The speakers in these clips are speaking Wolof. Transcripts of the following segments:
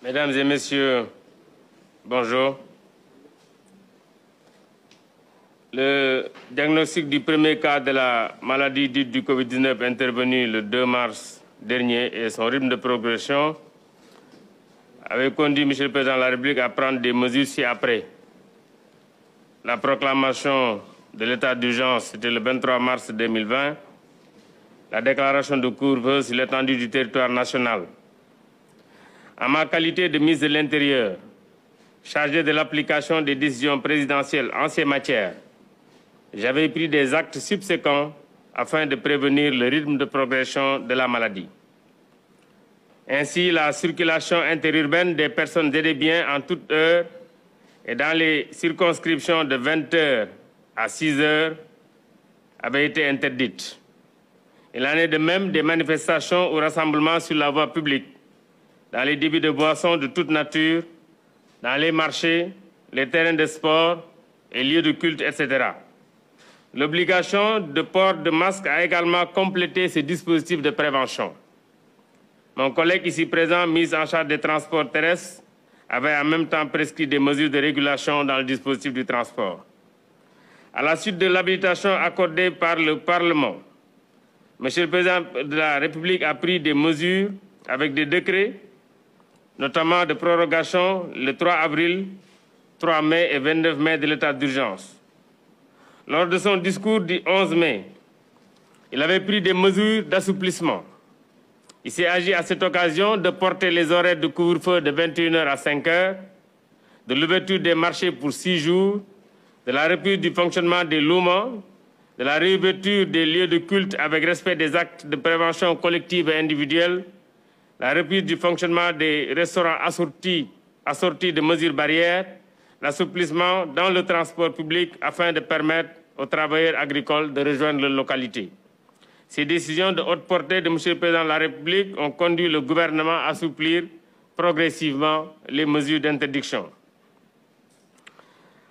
Mesdames et messieurs, bonjour. Le diagnostic du premier cas de la maladie dite du Covid-19 intervenu le 2 mars dernier et son rythme de progression avait conduit M. le Président de la République à prendre des mesures ci-après. La proclamation de l'état d'urgence, c'était le 23 mars 2020. La déclaration de couvre sur l'étendue du territoire national, à ma qualité de ministre de l'Intérieur, chargé de l'application des décisions présidentielles en ces matières, j'avais pris des actes subséquents afin de prévenir le rythme de progression de la maladie. Ainsi, la circulation interurbaine des personnes et des biens en toute heure et dans les circonscriptions de 20 heures à 6 heures avait été interdite. Il en est de même des manifestations ou rassemblements sur la voie publique dans les débits de boissons de toute nature, dans les marchés, les terrains de sport et lieux de culte, etc. L'obligation de port de masque a également complété ces dispositifs de prévention. Mon collègue ici présent, mise en charge des transports terrestres, avait en même temps prescrit des mesures de régulation dans le dispositif du transport. À la suite de l'habilitation accordée par le Parlement, M. le Président de la République a pris des mesures avec des décrets notamment de prorogation le 3 avril, 3 mai et 29 mai de l'état d'urgence. Lors de son discours du 11 mai, il avait pris des mesures d'assouplissement. Il s'est agi à cette occasion de porter les horaires de couvre-feu de 21h à 5h, de l'ouverture des marchés pour 6 jours, de la reprise du fonctionnement des louments, de la réouverture des lieux de culte avec respect des actes de prévention collective et individuelle, la reprise du fonctionnement des restaurants assortis, assortis de mesures barrières, l'assouplissement dans le transport public afin de permettre aux travailleurs agricoles de rejoindre leur localité. Ces décisions de haute portée de M. le Président de la République ont conduit le gouvernement à assouplir progressivement les mesures d'interdiction.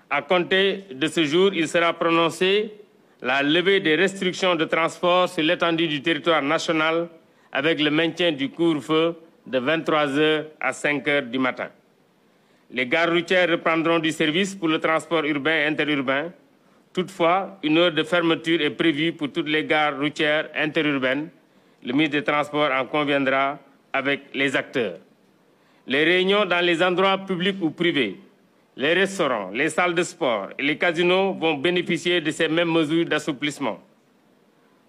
À compter de ce jour, il sera prononcé la levée des restrictions de transport sur l'étendue du territoire national avec le maintien du couvre-feu de 23h à 5h du matin. Les gares routières reprendront du service pour le transport urbain et interurbain. Toutefois, une heure de fermeture est prévue pour toutes les gares routières interurbaines. Le ministre des Transports en conviendra avec les acteurs. Les réunions dans les endroits publics ou privés, les restaurants, les salles de sport et les casinos vont bénéficier de ces mêmes mesures d'assouplissement.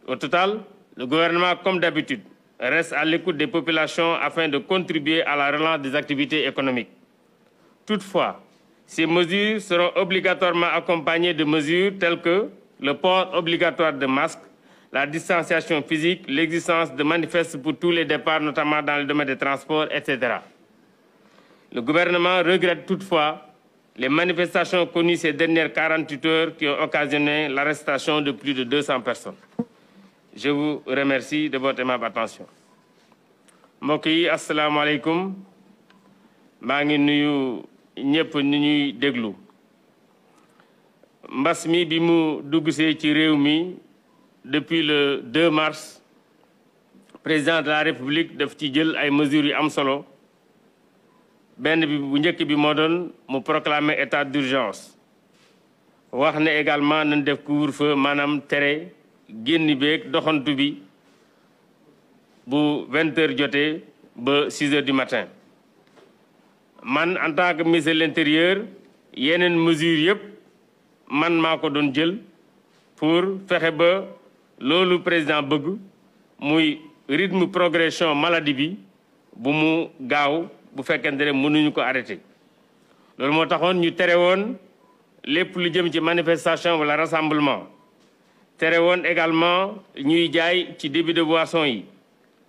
Au total, le gouvernement, comme d'habitude, reste à l'écoute des populations afin de contribuer à la relance des activités économiques. Toutefois, ces mesures seront obligatoirement accompagnées de mesures telles que le port obligatoire de masques, la distanciation physique, l'existence de manifestes pour tous les départs, notamment dans le domaine des transports, etc. Le gouvernement regrette toutefois les manifestations connues ces dernières 48 heures qui ont occasionné l'arrestation de plus de 200 personnes je vous remercie de votre aimable attention mbokk assalamu alaikum. Mangi nuyu ñëpp ni ñuy déglu mbas mi bi mu ci réew mi depuis le 2 mars président de la république daf ci jël ay mesures yu am solo benn bi bu ñëkk bi mo doon mu proclamer état d'urgence wax ne également nañ def couvre-feu manam téré génn beek doxantu bi bu 20 heures jotee ba 6 heures du matin man en tant que ministre de l'intérieur yenen mesure yëpp man mako don doon jël pour fexé ba loolu président bëgg muy rythme progression maladie bi bu mu gaaw bu fekkente mënuñu ko arrêté loolu mo taxone ñu tere woon lépp lu jëm ci manifestation wala rassemblement tere également ñuy jaay ci début de boisson yi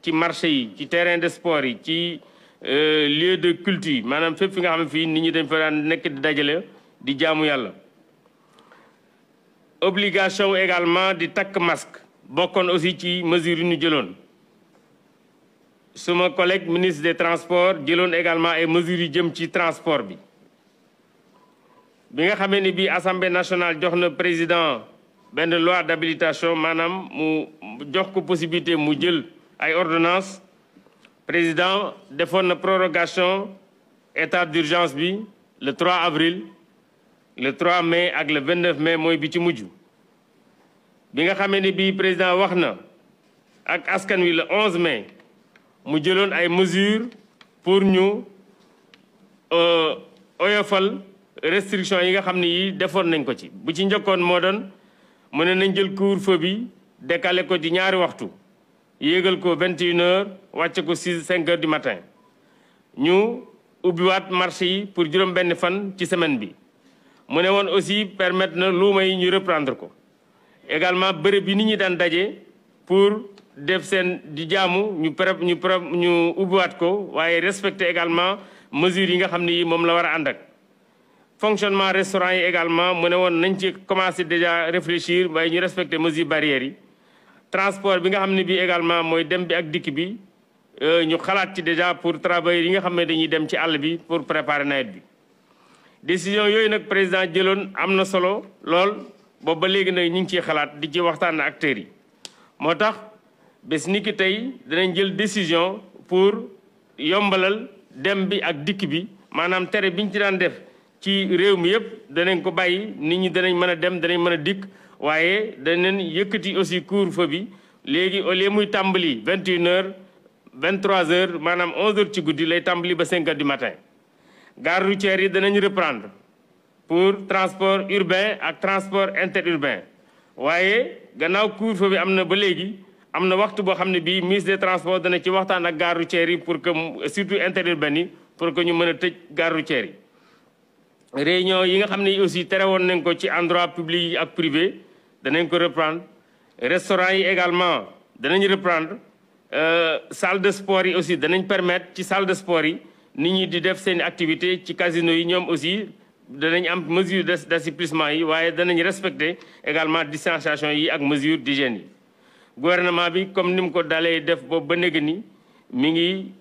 ci marché yi ci terrain de sport yi ci euh, lieu de culture. manam fepp fi nga xam fi nit ñi dañ fa daan nekk di dajale di jaamu yàlla obligation également di takk masque bokkoon aussi ci mesure yi ñu jëloon suma collègue ministre des transports jëloon également ay mesures de jëm ci transport bi bi nga xamee ni assemblée nationale jox na président la loi d'habilitation manam mu jox possibilité mu jël ay ordonnance président defoon la prorogation état d'urgence bi le 3 avril le 3 mai ak le 29 mai moy bi ci muju bi nga xamee ni président waxna ak askan wi le 11 mai mu jëlone ay mesures pour ñu euh, oyofal restrictions yi nga xam yi defoon nañ ko ci bu ci mu ne nañ jël couvre-feu bi décalé ko ci ñaari waxtu yéegal ko 21 et une heures wàcce ko 6 5 heures du matin ñu ubbiwaat marché yi pour juróom-benn fan ci semaine bi mu ne woon aussi permettre na luuma yi ñu reprendre ko également bërëb bi ni ñi daan daje pour def seen di jaamu ñu prép ñu prép ñu ubbiwaat ko waaye respecter également mesures yi nga xam ne yi moom la war a ànd ak fonctionnement restaurant yi également mu ne woon nañ ci commencé déjà réfléchir waaye ñu respecter mesures barrières yi transport bi nga xam ne bii également mooy dem bi ak dikk bi euh, ñu xalaat ci déjà pour travailleurs yi nga xam ne dañuy dem ci àll bi pour préparer nawet bi décision yooyu nag président jëloon am na solo lool boobu ba léegi nag ñu ngi ciy xalaat di ci waxtaan acteurs yi moo tax bés ni tey danañ jël décision pour yombalal dem bi ak dikk bi maanaam tere biñ ci daan def ci réew mi yëpp danañ ko bàyyi nit ñi danañ mën a dem danañ mën a dikk waaye danañ yëkkati aussi couvre-feu bi léegi au lieu muy tàmbali vingt une heures vingt trois heures maanaam onze heures ci guddi lay tàmbali ba cinq heures du matin gare routière yi danañ reprendre pour transport urbain ak transport interurbain waaye gannaaw couvre-feu bi am na ba léegi am na waxtu boo xam ne bii ministre des transports dana ci waxtaan ak gare routière yi pour que surtout interurbain yi pour que ñu mën a tëj gare yi réunion yi nga xamné aussi tere nañ ko ci endroit public ak privé danañ ko reprendre restaurant yi également danañ reprendre euh, salle de sport yi aussi danañ permettre ci salle de sport yi nit ñi di def seen activité ci casino yi ñom aussi danañ am mesure d'assouplissement yi waaye danañ respecter également distanciation yi ak mesure d'hygiène yi gouvernement bi comme nous ko dalee def bo ba ni mi ngi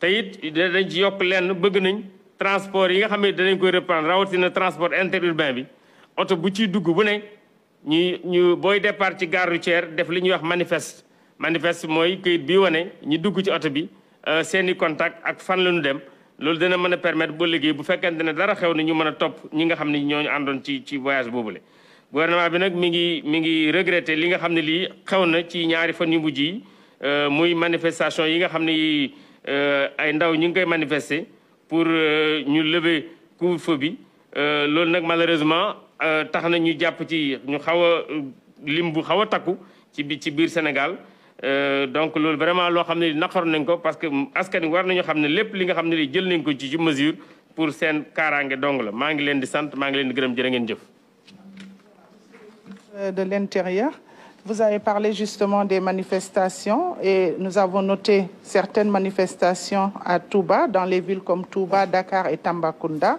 te it dañ yokk lenn bëgg nañ transport yi nga xam ne danañ koy reprendre rawatina transport interurbain bi oto bu ciy dugg bu ne ñu ñu booy départ ci gare routière def li ñuy wax manifeste manifeste mooy këyit bi wane ñu dugg ci oto bi euh, seen i contact ak fan lañu dem loolu dana mën a permettre bu liggéey bu fekkente ne dara xew na ñu mën a topp ñi nga xam ne ñooñu àndoon ci ci voyage boobule. gouvernement bi nag mi ngi mi ngi regretté li nga xam ne lii xew na ci ñaari fan yu mujj yi euh, muy manifestation yi nga xam ne Euh, ay ndaw pour euh, lever euh, malheureusement Sénégal vraiment mesure pour de l'intérieur. Vous avez parlé justement des manifestations et nous avons noté certaines manifestations à Touba, dans les villes comme Touba, Dakar et Tambacounda.